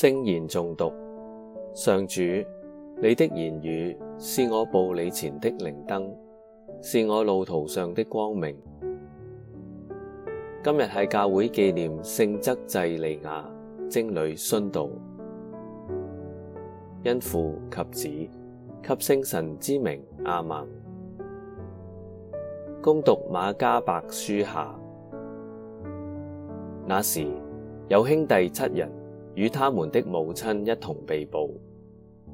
聖言誦讀。上主，你的言語是我步履前的靈燈，是我路途上的光明。今日係教會紀念聖則濟利亞貞女殉道。因父及子及聖神之名，阿門。恭讀馬加伯書下，那時有兄弟七人。與他們的母親一同被捕，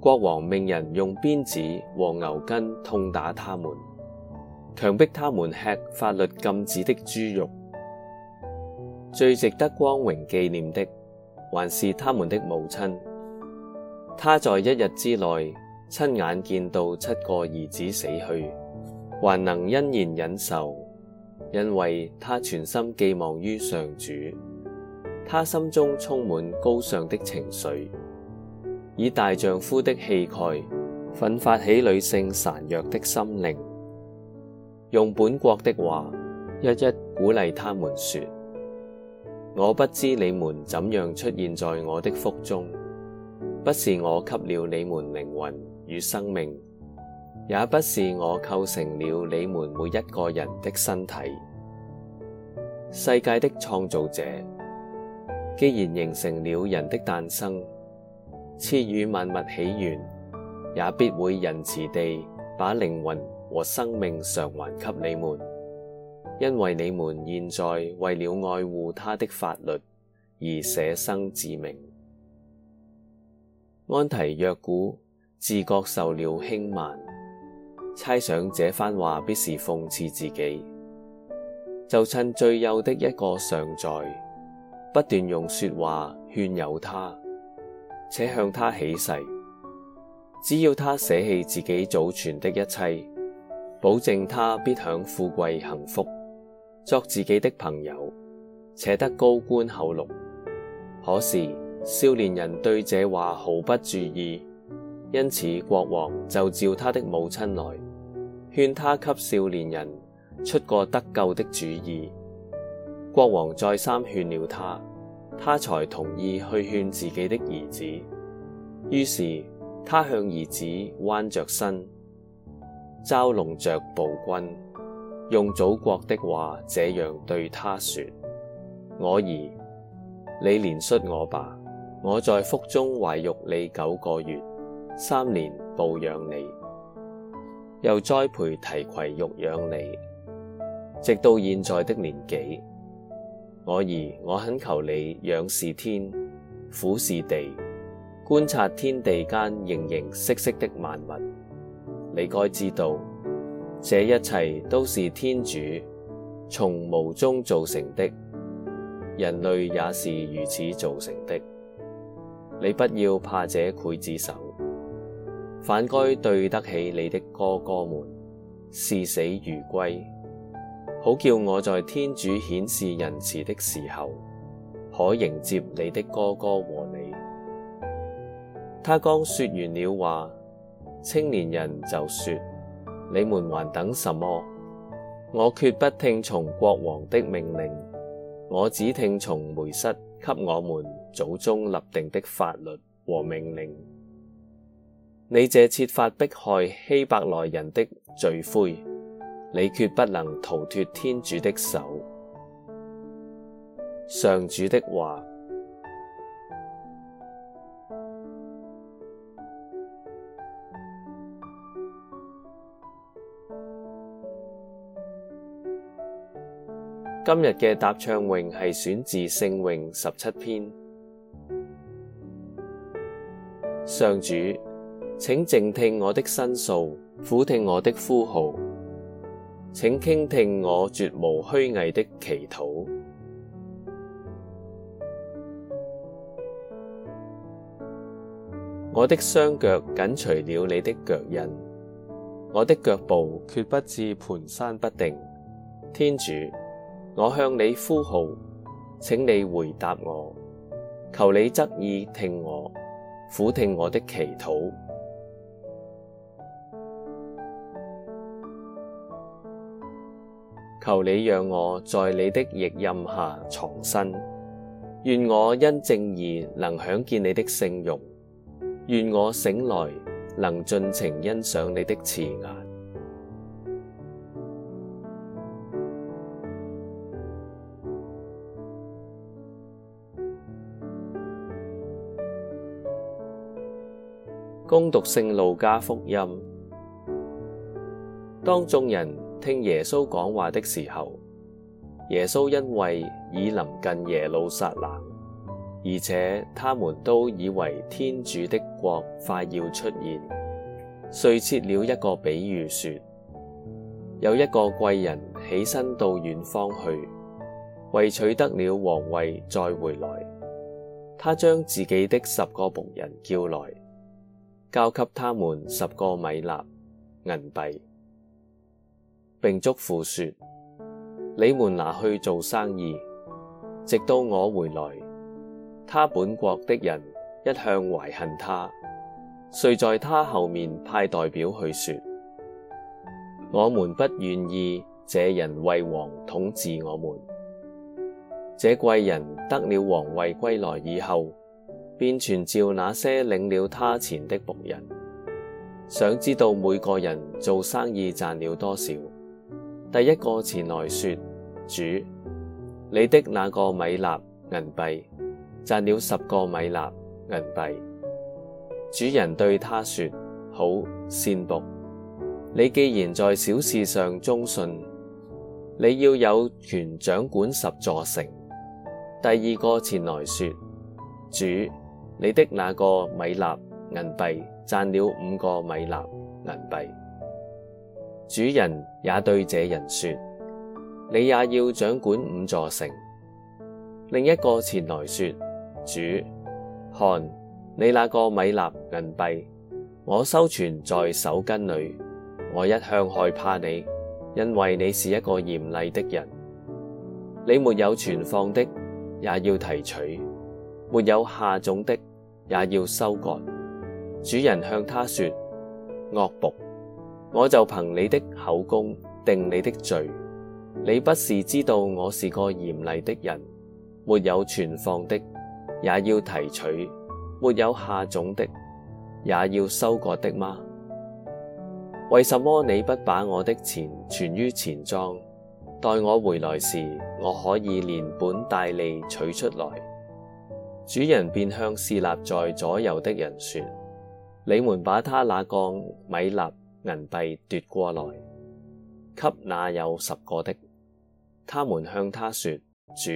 國王命人用鞭子和牛筋痛打他們，強迫他們吃法律禁止的豬肉。最值得光榮紀念的，還是他們的母親，她在一日之內親眼見到七個兒子死去，還能欣然忍受，因為她全心寄望於上主。她心中充滿高尚的情緒，以大丈夫的氣概，奮發起女性孱弱的心靈，用本國的話，一一鼓勵他們說：我不知你們怎樣出現在我的腹中，不是我給了你們靈魂與生命，也不是我構成了你們每一個人的身體，世界的創造者。既然形成了人的誕生，賜予萬物起源，也必會仁慈地把靈魂和生命償還給你們，因為你們現在為了愛護他的法律而捨生致命。安提約古自覺受了輕慢，猜想這番話必是諷刺自己，就趁最幼的一個尚在。不斷用說話勸誘他，且向他起誓，只要他捨棄自己祖傳的一切，保證他必享富貴幸福，作自己的朋友，且得高官厚祿。可是少年人對這話毫不注意，因此國王就召他的母親來，勸她給少年人出個得救的主意。國王再三勸了她。他才同意去勸自己的兒子，於是他向兒子彎着身，嘲弄着暴君，用祖國的話這樣對他說：我兒，你憐恤我吧！我在腹中懷育你九個月，三年哺養你，又栽培提携育養你，直到現在的年紀。我兒，我懇求你仰視天，俯視地，觀察天地間形形色色的萬物，你該知道這一切都是天主從無中造成的，人類也是如此造成的。你不要怕這劊子手，反該對得起你的哥哥們，視死如歸。好叫我在天主顯示仁慈的時候，可迎接你的哥哥和你。她剛說完了話，青年人就說：你們還等什麼？我決不聽從國王的命令，我只聽從梅瑟給我們祖宗立定的法律和命令。你這設法迫害希伯來人的罪魁！你決不能逃脫天主的手。上主的話。今日嘅答唱詠係選自聖詠十七篇。上主，請靜聽我的申訴，俯聽我的呼號。請傾聽我絕無虛偽的祈禱。我的雙腳緊隨了你的腳印，我的腳步決不致蹣跚不定。天主，我向你呼號，請你回答我，求你側耳聽我，俯聽我的祈禱。求你讓我在你的翼蔭下藏身，願我因正義能享見你的聖容，願我醒來能盡情欣賞你的慈顏。恭讀聖路加福音，當眾人聽耶穌講話的時候，耶穌因為已臨近耶路撒冷，而且他們都以為天主的國快要出現，遂設了一個比喻說：有一個貴人起身到遠方去，為取得了王位再回來，他將自己的十個僕人叫來，交給他們十個米納銀幣。並囑咐說：你們拿去做生意，直到我回來。他本國的人一向懷恨他，遂在他後面派代表去說：我們不願意這人為王統治我們。這貴人得了王位歸來以後，便傳召那些領了他錢的僕人，想知道每個人做生意賺了多少。第一個前來說：主，你的那個米納銀幣賺了十個米納銀幣。主人對他說：好，善僕。你既然在小事上忠信，你要有權掌管十座城。第二個前來說：主，你的那個米納銀幣賺了五個米納銀幣。主人也對這人說：你也要掌管五座城。另一個前來說：主，看，你那個米納銀幣，我收存在手巾裏。我一向害怕你，因為你是一個嚴厲的人。你沒有存放的，也要提取；沒有下種的，也要收割。主人向他說：惡僕。我就憑你的口供定你的罪。你不是知道我是個嚴厲的人，沒有存放的也要提取，沒有下種的也要收割的嗎？為什麼你不把我的錢存於錢莊？待我回來時，我可以連本帶利取出來。主人便向侍立在左右的人說：你們把他那個米納銀幣奪過來，給那有十個的。他們向他說：主，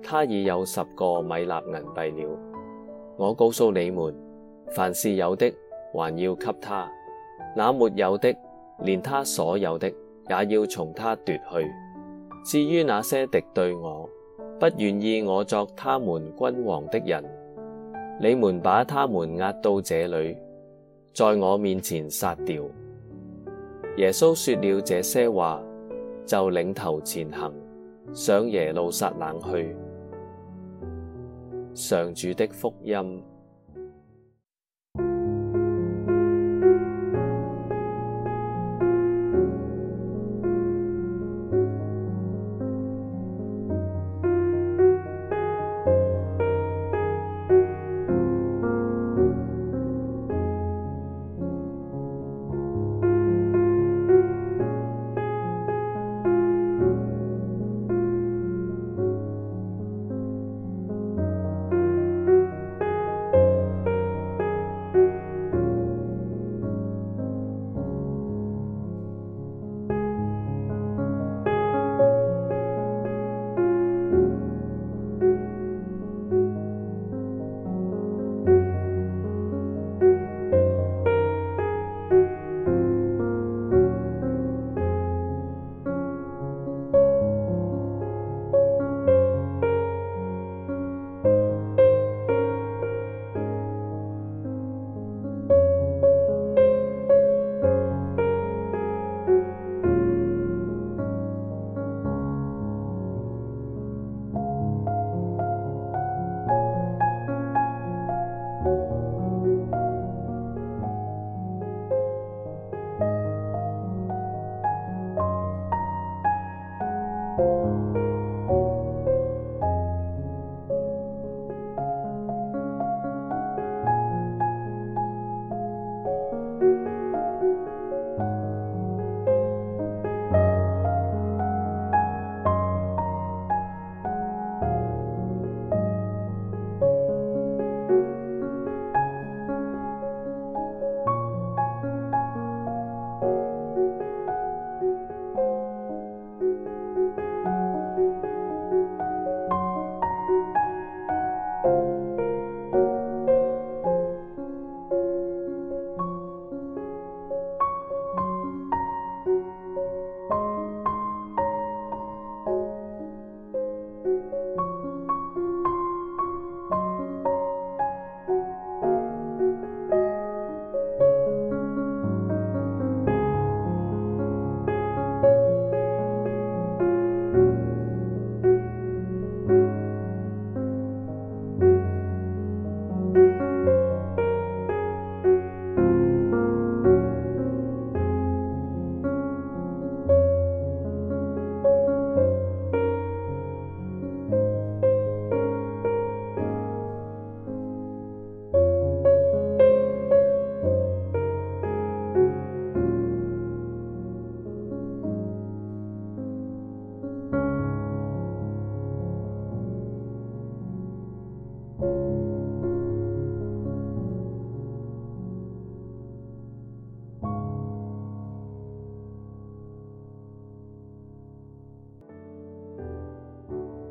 他已有十個米納銀幣了。我告訴你們，凡是有的，還要給他；那沒有的，連他所有的，也要從他奪去。至於那些敵對我，不願意我作他們君王的人，你們把他們押到這裏，在我面前殺掉。耶穌說了這些話，就領頭前行，上耶路撒冷去。上主的福音。